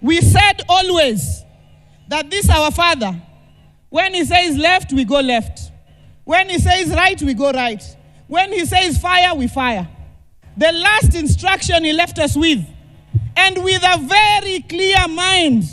We said always that this our Father, when he says left, we go left. When he says right, we go right. When he says fire, we fire. The last instruction he left us with, and with a very clear mind.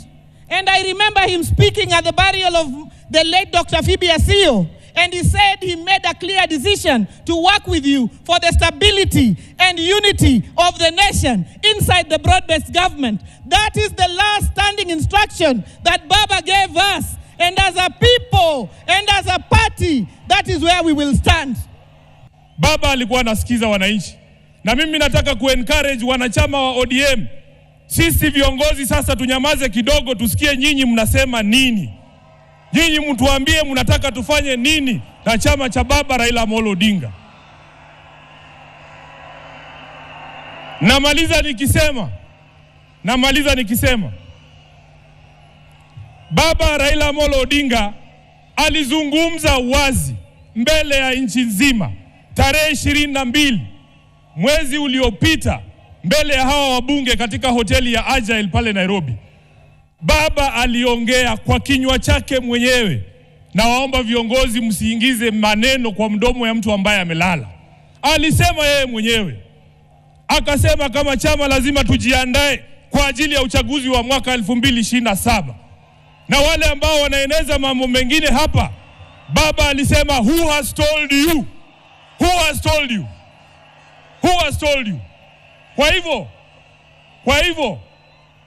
And I remember him speaking at the burial of the late Dr. Phoebe Asio And he said he made a clear decision to work with you for the stability and unity of the nation inside the broad based government. That is the last standing instruction that Baba gave us. And as a people and as a party, that is where we will stand. Baba alikuwa anasikiza wananchi, na mimi nataka kuencourage wanachama wa ODM. Sisi viongozi sasa tunyamaze kidogo, tusikie nyinyi mnasema nini. Nyinyi mtuambie mnataka tufanye nini na chama cha baba Raila Amolo Odinga. Namaliza nikisema namaliza nikisema baba Raila Amolo Odinga alizungumza wazi mbele ya nchi nzima tarehe ishirini na mbili mwezi uliopita mbele ya hawa wabunge katika hoteli ya Agile pale Nairobi. Baba aliongea kwa kinywa chake mwenyewe. Nawaomba viongozi, msiingize maneno kwa mdomo ya mtu ambaye amelala. Alisema yeye mwenyewe, akasema kama chama lazima tujiandae kwa ajili ya uchaguzi wa mwaka 2027 na wale ambao wanaeneza mambo mengine hapa, baba alisema who has told you? Who has told you? Who has told you? Kwa hivyo, kwa hivyo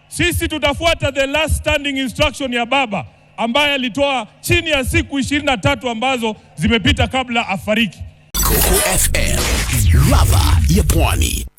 sisi tutafuata the last standing instruction ya baba ambaye alitoa chini ya siku 23 ambazo zimepita kabla afariki. Coco FM, ladha ya Pwani.